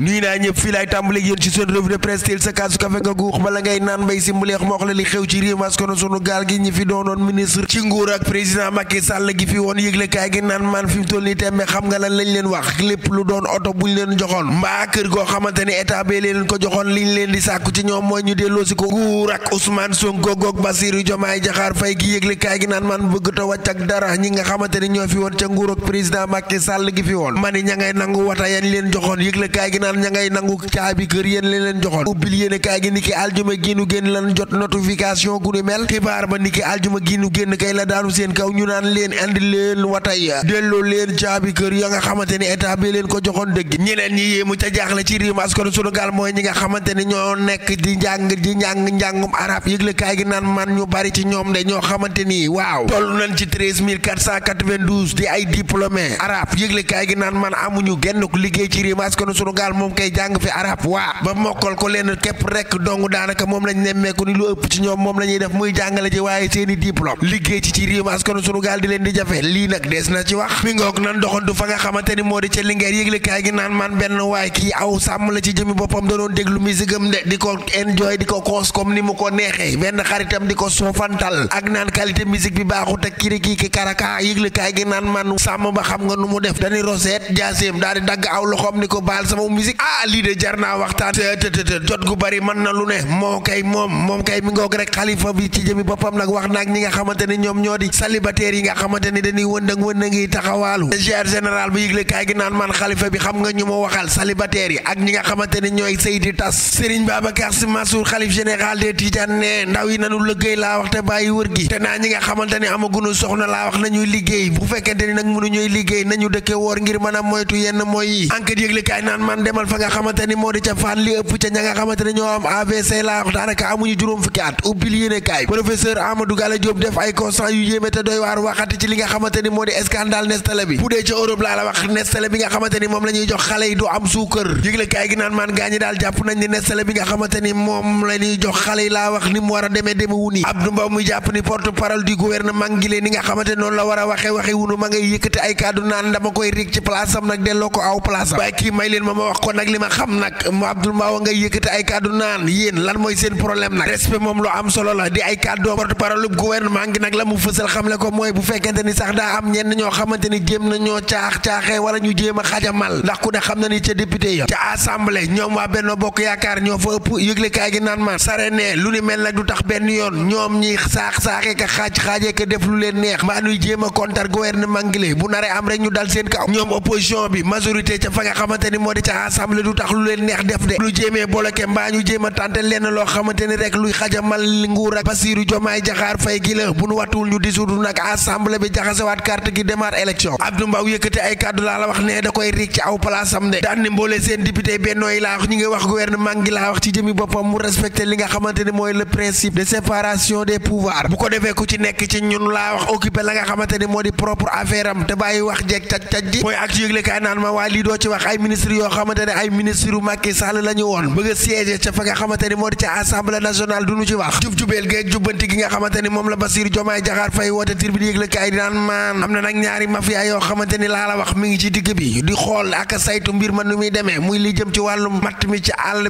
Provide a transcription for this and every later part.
nuy naa ñëpp fii laay tàmbali yéen ci seen revue de presse teel sa kaasu kafe nga guux bala ngay naan mbay si mbuleex xew ci réew mas kono sunu gaal gi ñi fi doonoon ministre ci nguur ak président Macky Sall gi fi woon yëglekaay gi naan man fi toll nii tembe xam nga lan lañ leen wax lépp lu doon oto buñ leen joxoon mbaa kër goo xamante ni état bee leen ko joxoon liñ leen di sàkku ci ñoom mooy ñu delloo si ko nguur ak Ousmane Sonko goog Bassirou Diomaye Diakhar Faye naan man bëgg dara ñi nga xamante ni ñoo fi woon ca nguur ak président Macky Sall gi fi woon ma ni ña ngay leen joxoon naan ña ngay nangu caabi kër yéen li leen joxoon ubbil yéen kaay gi niki aljuma giinu génn lan jot notification mel xibaar ba niki aljuma giinu génn kay la daanu seen kaw ñu naan leen andi leen watay delloo leen caabi kër ya nga xamante ni état leen ko joxoon dëgg ñeneen ñi yéemu ca jaaxle ci réew mi askanu sunu gaal mooy ñi nga xamante ñoo nekk di njàng di njàng njàngum arab yëgle kaay gi naan man ñu bari ci ñoom de ñoo xamante ni waaw toll nañ ci 13492 di ay diplômé arab yëgle kaay gi naan man amuñu genn liggéey Sénégal moom kay jàng fi arab waa ba mokkal ko leen képp rek dong daanaka moom lañ nemmeeku ni lu ëpp ci ñoom moom la ñuy def muy jàngale ji waaye seeni diplôme liggéey ci ci réew askanu sunu gaal di leen di jafe lii nag dees na ci wax mi ngoog nan doxantu fa nga xamante ni moo di ca Linguère yëglekaay gi naan man benn waay kii aw sàmm la ci jëmi boppam da doon déglu musigam de di ko enjoy di ko koos comme ni mu ko neexee benn xaritam di ko soofantal ak naan qualité musique bi baaxut ak kirikiki karaka yëglekaay gi naan man sàmm ba xam nga nu mu def dañuy roseet jaaseem daal di dagg aw loxoom musique ah lii de jar naa waxtaan te jot gu bari mën na lu ne moo kay moom moom kay mi ngoog rek xalifa bi ci jëmi boppam nag wax naag ñi nga xamante ñoom ñoo di célibataire yi nga xamante ne dañuy wëndëng wëndëng yi taxawaalu gère général bi yëgle kaay gi naan man xalifa bi xam nga ñu ma waxal célibataire yi ak ñi nga xamante ne ñooy sëy di tas Serigne Babacar Sy Mansour xalif général des Tidianes ne ndaw yi nanu liggéey laa wax te bàyyi wër gi te naa ñi nga xamante ne amagunu soxna laa wax nañuy liggéey bu fekkente ni nag mënu ñuy liggéey nañu dëkke woor ngir mën a moytu yenn mooy yi enquête yëgle kaay naan man fa nga xamante ni moo di ca fan li ëpp ca ña nga xamante ne ñoo am AVC laa wax daanaka amuñu juróom fukki at ubbil yéene kaay professeur Amadou Gala Diop def ay constat yu yéeme te doy waar waxati ci li nga xamante ni moo di scandale Nestlé bi bu dee ca Europe laa bi nga xamante ni moom la ñuy jox xale yi du am suukar yëgle gi naan maan gaa daal jàpp nañ ni Nestlé bi nga xamante ni moom la ñuy jox xale yi laa wax ni mu war a demee demewu ni Abdou Mbow muy jàpp ni porte parole du gouvernement ngi leen ni nga xamante noonu la war a waxee waxe ma ngay naan dama koy rig ci am nag delloo ko aw kii may leen ma ma wax kon nag li ma xam nag mu Abdoul Mbaw ngay yëkkati ay kàddu naan yéen lan mooy seen problème nag respect moom lu am solo la di ay kàddu porte parole gouvernement ngi nag la mu fësal xamle ko mooy bu fekkante ni sax daa am ñenn ñoo xamante ni jéem na ñoo caax caaxee wala ñu jéem a xajamal ndax ku dee xam na ni ca député ya ca assemblée ñoom waa Benno Bokk Yaakaar ñoo fa ëpp yëglekaay gi naan ma sare ne lu ni mel nag du tax benn yoon ñoom ñi saax saaxee ka xaaj xaajee ka def leen neex mbaa nuy jéem a kontar gouvernement ngile bu naree am ñu dal seen kaw ñoom opposition bi majorité ca fa nga xamante ni moo di ca assemblée du tax lu leen neex def de lu jéemee bloqué mbaa ñu jéem a tànte lenn loo xamante ni rek xajamal nguur ak Bassirou Diomaye Diakhar Faye gi bu nu wattuwul ñu dissoudre nag assemblée bi jaxasewaat carte gi démarre élection Abdou Mbaw yëkkati ay kàddu laa la wax ne da koy riig ci aw place am de daan ni seen député bennoo laa wax ñu wax gouvernement gi laa wax ci jëmi boppam mu respecté li nga xamante mooy le principe de séparation des ku ci nekk ci ñun laa wax occupé xamante ne ay ministre yu Macky Sall la ñu woon bëgg a siège ca fa nga xamante ni di ca assemblée nationale duñu ci wax jub jubeel géeg jubbanti gi nga xamante moom la Bassirou Diomaye Diakhar Faye woote tir bi di yëgle kaay dinaan maan na nag ñaari mafia yoo xamante ni laa la wax mi ngi ci digg bi di xool ak saytu ma nu muy demee muy li jëm ci wàllum matt mi ci àll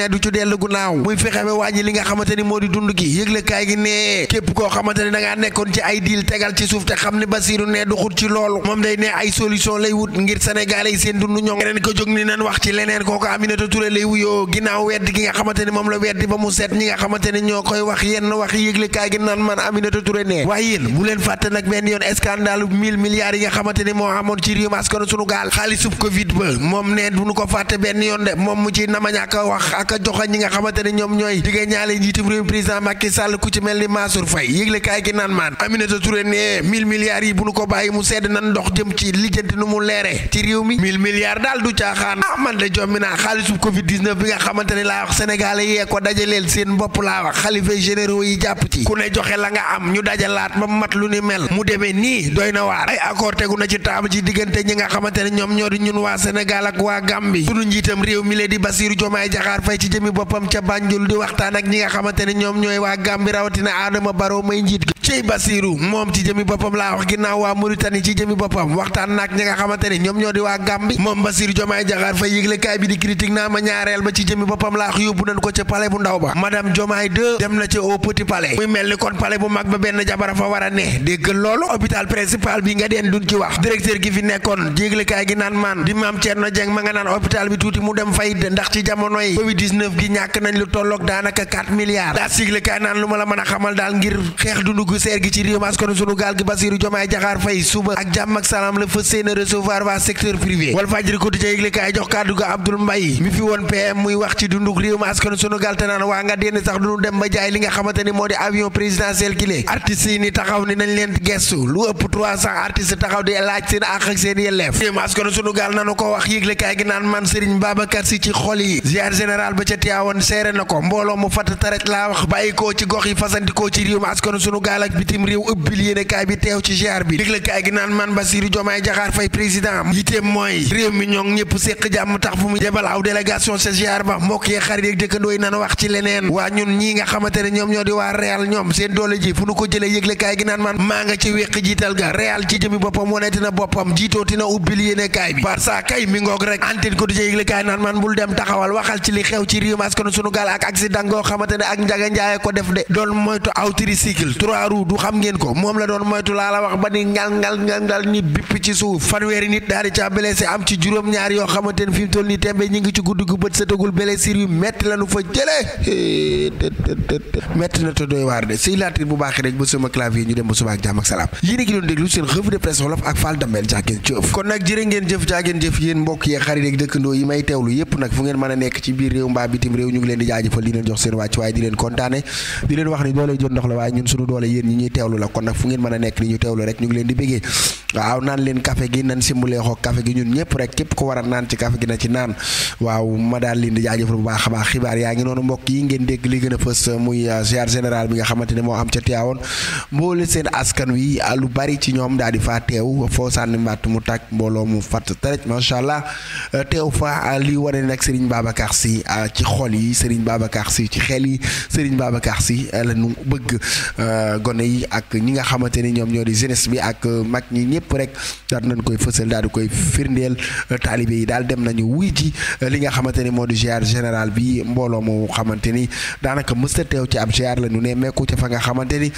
ne du ci dellu gunaaw muy fexe wàññi li nga xamante moo di dund gi yëglekaay gi ne képp koo xamante ne da ngaa nekkoon ci ay diil tegal ci suuf te xam ne Basiru ne du xut ci loolu moom day ne ay solution lay wut ngir Sénégalais yi seen dundu ñoŋ keneen ko jóg ni nan wax ci leneen kooku Aminata Touré lay wuyoo ginnaaw weddi gi nga xamante ne moom la weddi ba mu set ñi nga xamante ne ñoo koy wax yenn wax naan man Aminata Touré ne waaye yéen bu leen fàtte nag benn yoon scandale mille milliards yi nga xamante ne moo amoon ci réew askanu sunu gaal xaalisub Covid ba moom ne du ñu ko fàtte benn yoon de moom mu ci namañ ak a wax ak a ñi nga xamante ne ñoom ñooy digga Macky Sall ku ci mel ni Mansour Faye yëgle kaay gi naan maan Aminata Touré ne mille milliards yi bu nu ko bàyyi mu sedd nan ndox jëm ci lijjanti nu mu leere ci réew mi mille daal du caaxaan ah jommi naa xaalisu Covid bi nga xamante laa wax Sénégalais yee ko dajaleel seen bopp laa wax xalifa généraux yi jàpp ci ku ne joxe la nga am ñu dajalaat ba mat lu ni mel mu demee nii doy na waar ay accord tegu na ci table ci diggante ñi nga xamante ne ñoom ñoo di waa Gàmbi rawatina Adama Barrow may njiit gi cey Basiiru moom ci jëmi boppam laa wax ginnaaw waa Mauritanie ci jëmi boppam waxtaan nag ñi nga xamante ne ñoom ñoo di waa Gàmbi moom Basiiru Jomaay Jaxaar Fay yëglekaay bi di critique naa ma ñaareel ba ci jëmi boppam laa wax yóbbu nañ ko ca palais bu ndaw ba madame Jomaay 2 dem na ca au petit muy mel ni kon palais bu mag ba benn jabara fa war a ne déggal loolu hôpital principal bi nga deen duñ wax gi fi nekkoon yëglekaay gi mu dem fay ndax ci jamono yi covid 19 gi ñàkk nañ lu yéenekaay naan lu ma la mën a xamal daal ngir xeex dundu gu seer gi ci réew mi askanu sunu la fas yéene recevoir waa secteur privé Walfadjri quotidien fi woon PM muy wax ci dundu réew mi askanu sunu gaal te naan waa nga denn sax duñu dem ba jaay li nga xamante moo di avion présidentiel gi lée yi ni taxaw ni nañ leen gestu lu ëpp 300 taxaw di laaj seen àq seen yelleef réew mi askanu sunu gaal nanu ko wax yéenekaay gi naan man Serigne Babacar Sy ci xol yi ziar général ba ca Tivaouane seere na ko mbooloo mu fatt taret laa wax bàyyi fasantikoo ci gox yi fasantikoo ci réew mi askanu sunu gaal ak bitim réew ëbbil yéene kaay bi teew ci ziar bi yëgle gi naan man Bassirou Diomaye Diakhar mi ñoom ñëpp séq jàmm tax fu mu jebal aw délégation sa ziar ba mbokk xarit yeeg di waa Real ñoom gi naan man maa nga ci wéq jiital ga Real ci jëmi boppam woneeti na boppam jiitooti na ubbil yéene kaay bi Barça kay mi ngoog rek antenne ko dijee yëgle kaay naan man bul dem taxawal waxal ci li xew ci réew mi askanu sunu ko def de doon moytu aw trois roues du xam ngeen ko moom la doon moytu laa la wax ba ni ngal ngal ngal ngal bipp ci suuf fanweeri nit daal ca blessé am ci juróom-ñaar yoo xamante ne fi mu toll nii tembe ñi ngi ci guddi gu bët setagul blessure yu metti la nu fa jëlee metti na te doy waar de siy bu baax rek ba sama clavier ñu dem ba suba ak ak salaam yéen a ngi doon déglu seen revue de presse wolof ak Fall Dambel jaageen jëf kon nag jërë a nekk ci biir réew mbaa bitim di leen wax ni doole jot ndox la waaye ñun suñu doole yéen ñi ñuy teewlu la kon nag fu ngeen mën a nekk ni ñu teewlu rek ñu ngi leen di béggee waaw naan leen café gi nan simbulee xoog café gi ñun ñëpp rek képp ko war a naan ci café gi na ci naan waaw ma daal leen di jaajëfal bu baax a baax xibaar yaa ngi noonu mbokk yi ngeen dégg li gën a fës muy euh, ziar général bi nga xamante ne moo am ca Tiwaawoon mboole seen askan wi euh, lu bari ci ñoom daal di faa teew foo sànni mbatt mu tàkk mbooloo mu fatt tërëj macha allah euh, teew fa lii wane nekk Serigne Babacar si ci xool yi Serigne Babacar Sy ci xel yi Serigne Babacar Sy la ñu bëgg gone yi ak ñi nga xamante ni ñoom ñoo di jeunesse bi ak mag ñi pour rek daal nañ koy fësal daal di koy firndeel euh, taalibe yi daal dem nañu wuy ji euh, li nga xamante ni moo di ziar général bi mbooloo moo xamante ni daanaka mësta teew ci ab ziar la ñu ne mekku ca fa nga xamante ni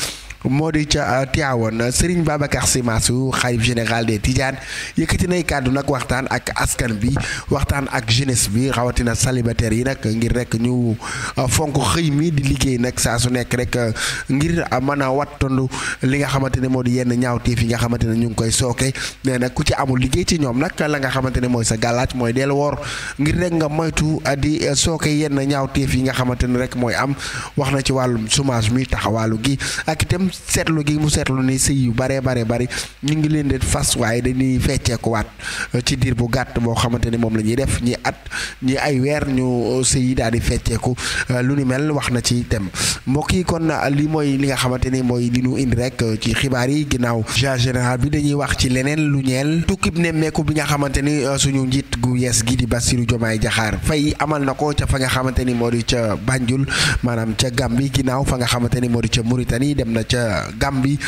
moo di ca woon euh, Tiwaawan Serigne Babacar Sy Mansour xalif général des Tidianes yëkkati nay kàddu nag waxtaan ak askan bi waxtaan ak jeunesse bi rawatina célibataire yi nag ngir rek ñu euh, fonk xëy mi di liggéey nag saa su nekk rek euh, ngir mën a wat wattandu li nga xamante ne moo di yenn ñaawteef yi nga xamante ne ñu ngi koy sooke nee nag ku ci amul liggéey ci ñoom nag la nga xamante ne mooy sa gàllaaj mooy deel woor ngir rek nga moytu di sooke yenn ñaawteef yi nga xamante ne rek mooy am wax na ci wàllum chômage mi taxawaalu gi seetlu gi mu seetlu ni sëy yu baree bare bari ñu ngi leen di fas waaye dañuy fecceekuwaat euh, ci diir bu gàtt boo xamante ni moom la ñuy def ñi at ñi ay weer ñu euh, sëy yi daal di fecceeku euh, lu ni mel wax na ci tem mbokk yi kon li mooy li nga xamante ni mooy li indi rek ci xibaar yi ginnaaw ja bi dañuy wax ci leneen lu ñeel tukkib nemmeeku bi nga xamante ni suñu njiit gu yees gi di Bassirou Diomaye Diakhar Faye amal na ko ca fa nga xamante ni moo di ca Banjul maanaam ca Gambie ginnaaw fa nga xamante ni moo di ca Mauritanie dem na ca Gambie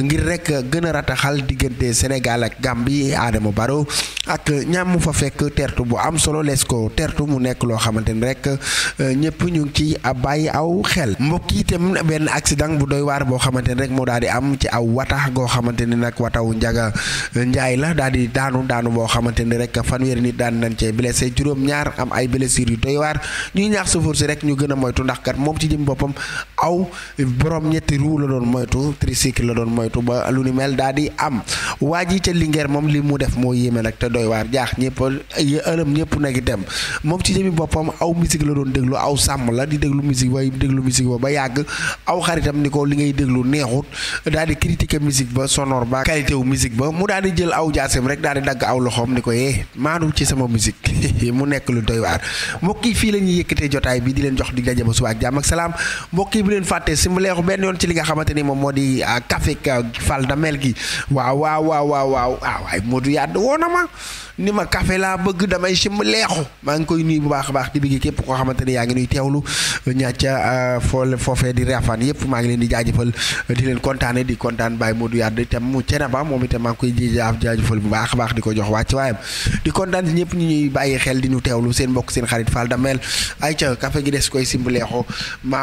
ngir rek gën a rataxal diggante Sénégal ak Gambie Adama Barrow ak ñaam mu fa fekk tertu bu am solo lees ko tertu mu nekk loo xamante ni rek euh, ñëpp ñu ngi ci bàyyi aw xel mbokk itam benn accident bu doy waar boo xamante ni rek moo daal di am ci aw watax goo xamante ni nag wataw njaga njaay la daal di daanu daanu boo xamante ni rek fanweeri nit daan nañ cee blessé juróom-ñaar am ay blessures doy waar ñuy rek ñu gën a moytu ndax kat moom ci jëm boppam aw borom ñetti ruu la doon moy moytu tricycle la doon moytu ba lu ni mel daal di am waa ji ca Linguère moom li mu def moo yéeme nag te doy waar jaax ñëpp ëlëm ñëpp nag la doon déglu aw sàmm la di déglu musique ba ba yàgg aw xaritam ni ko li ngay déglu neexut daal di critiquer musique ba sonore ba qualité wu musique ba mu daal di jël aw jaasim rek daal di dagg aw loxoom ni ko yee eh, maanu ci sama musique mu nekk lu doy waar mbokk yi fii la ñuy yëkkatee jotaay bi di leen jox di daje ba suba salaam mbokk yi leen fàttee si benn yoon ci li nga xamante ni moom moom moo di Kafik ah, Fall Damel gi waaw waaw waaw waaw waaw ah, waaye Modou Yade woo na ma ni ma café laa bëgg damay simb leexu maa ngi koy nuyu bu baax baax di bëgg képp koo xamante ne yaa ngi nuy teewlu ñàcca ah, fool foofee di reefaan yëpp maa ngi leen di jaajëfal di leen kontaane di kontaan Baye Modou Yade itam mu Thiénaba moom itam maa ngi koy bu baax a baax di ko jox wàcc waayam di kontaan si ñëpp ñu ñuy di ñu teewlu seen mbokk seen xarit Fall Damel ay ca café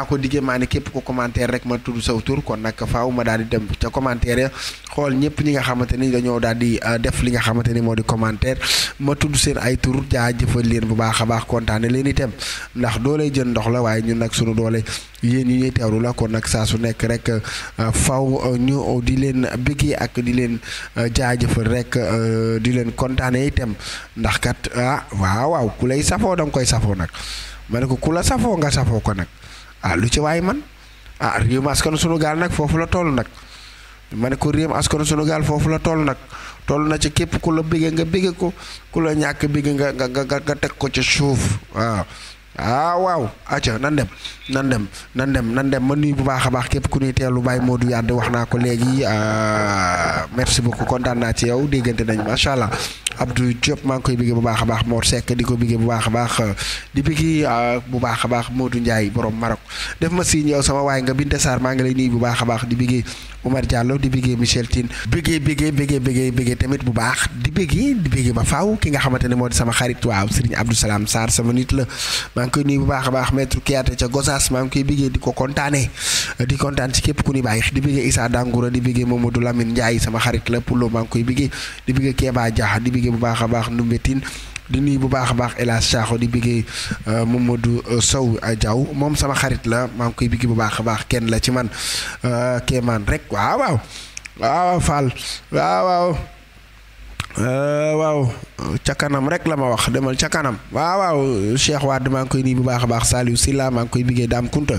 ko diggee maa ne képp ko commentaire rek ma tudd saw tur kon nag que ma daal di dem ca commentaire xool ñëpp ñi nga xamante ni dañoo daal di euh, def li nga xamante ni moo di commentaire ma tudd seen ay tur jaajëfal leen bu baax a baax kontaane leen itam ndax doole jën ndox la waaye ñun nag doole yéen yi ñuy kon nag saa su nekk rek euh, faw euh, ñu di leen bëggee ak di leen jaajëfal rek di leen kontaane itam ndax kat ah waaw waaw ku lay safoo da koy safoo nag ma ne ko ku la safoo nga safoo ko nag ah lu ci waay man ah réewum askanu sunu gaal nag foofu la toll nag ma ne ko réewum askanu sunu gaal foofu la tool nag tool na ci képp ku la bëgg nga bëgg ko ku la ñàkk bëgg nga nga nga nga teg ko ci suuf waaw. ah waaw acca nan dem nan dem nan dem nan dem ma nuyu bu baax a baax képp ku nuy teelu moo du Yade wax naa ko léegi ah, merci beaucoup kontaan naa ci yow déggante nañ macha allah Abdou Diop maa ngi koy bëggee bu baax a baax Mor Seck di ko bëggee bu baax a baax euh, di bëggee euh, bu baax a baax du Ndiaye borom Maroc def ma si yow sama waay nga Binte Sarr maa ngi lay nuyu bu baax a baax di bëggee Oumar Diallo di bëggee Michel Tine bëggee bëggee bëggee bëggee tamit bu baax di bëggee di bëggee ba faaw ki nga xamante ne moo di sama xarit waaw Serigne Abdou Salam Sarr sama nit la maa ngi koy nuyu bu baax a baax maître Kiyaate ca Gosaas maa ngi koy bëggee di ko kontaanee euh, kontaan képp ku ni bàyyi di bëggee Issa di bëggee Mamadou Lamine Ndiaye sama xarit la Poulo maa ngi koy bëggee di bëggee Kéba Dia bëggee bu baax a baax Ndumbe Tine di nuyu bu baax a baax El Hadj Sakho di bëggee euh, Mamadou euh, Sow euh, Diaw moom sama xarit la maa ngi koy bëggee bu baax a baax kenn la ci man kéemaan rek waaw waaw waaw Fall Euh, waaw ca kanam rek la ma wax demal ca kanam waaw waaw Cheikh Wade maa ngi koy nii bu baax a baax Saliou Sylla maa ngi koy biggee Dame Kunta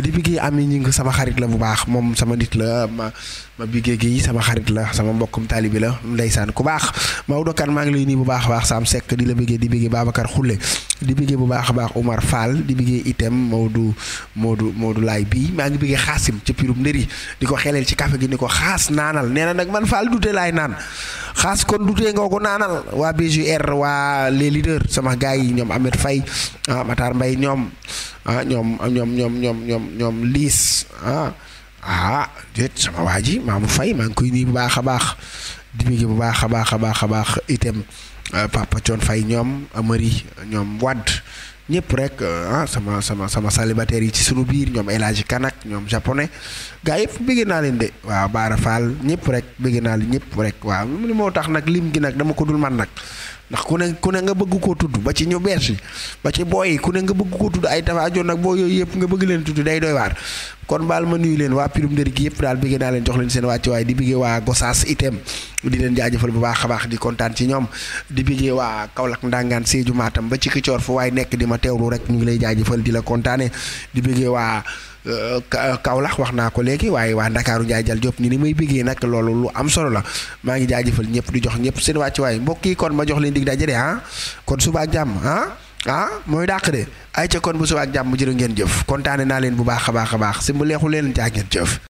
di biggee am ñi ngi sama xarit la bu baax moom sama nit la ma ma biggee gi sama xarit la sama mbokkum taalibi la ndeysaan ku baax Maodo kan maa ngi lay nii bu baax a baax Sam sekk di la biggee di biggee Babacar Khoule di biggee bu baax a baax Oumar faal di biggee item Maodo Maodo Maodo laay bii maa ngi biggee Xaasim ca pirum ndëri di ko xeleel ci café gi ni ko xaas naanal nee na nag man Fall laay naan xaas kon du tee nga ko naanal waa BJR waa les leaders sama gars yi ñoom Ahmed fay ah Matar Mbaye ah, ñoom ñoom ñoom ñoom ñoom ñoom ñoom Liis ah ah déet sama waa ji Mamour fay maa ngi koy nii bu baax a baax di bëgg bu baax a baax a baax a baax itam ah, Papa Thion Faye ñoom amari ñoom Wade ñëpp rek euh, ah sama sama sama célibataire yi ci sunu biir ñoom El Hadji Kanak ñoom japonais gars yëpp bëgg naa leen de waaw Baara Fall ñëpp rek bëgg naa leen ñëpp rek waaw li moo tax nag lim gi nag dama ko dul man nag ndax ku ne ku ne nga bëgg koo tudd ba ci ñu bees yi ba ci booy ku ne nga bëgg koo tudd ay tafa ajoon nag boo yooyu yëpp nga bëgg leen tudd day doy waar kon baal ma nuyu leen waa pirum ndër gi yëpp daal bëggee naa leen jox leen seen wàcc waaye di bëggee waa Gosaas itam di leen jaajëfal bu baax a baax di kontaan ci ñoom di bëggee waa Kaolack Ndangaan Sédhiou Matam ba ci Kicoor fu waaye nekk di ma teewlu rek ñu ngi lay jaajëfal di la kontaane di bëggee waa euh, euh, Kaolack wax naa ko léegi waaye waa Ndakaaru Ndiaye Jal Diop ni ni may bëggee nag loolu lu am solo la maa ngi jaajëfal ñëpp di jox ñëpp seen wàcc waaye mbokk yi kon ma jox leen dig dajale ah kon suba ak jàmm ah ah mooy daq de ay ca kon bu suba ak jàmm jërë ngeen jëf kontaane naa leen bu baax a baax a baax si mu leexu leen jaa ngeen jëf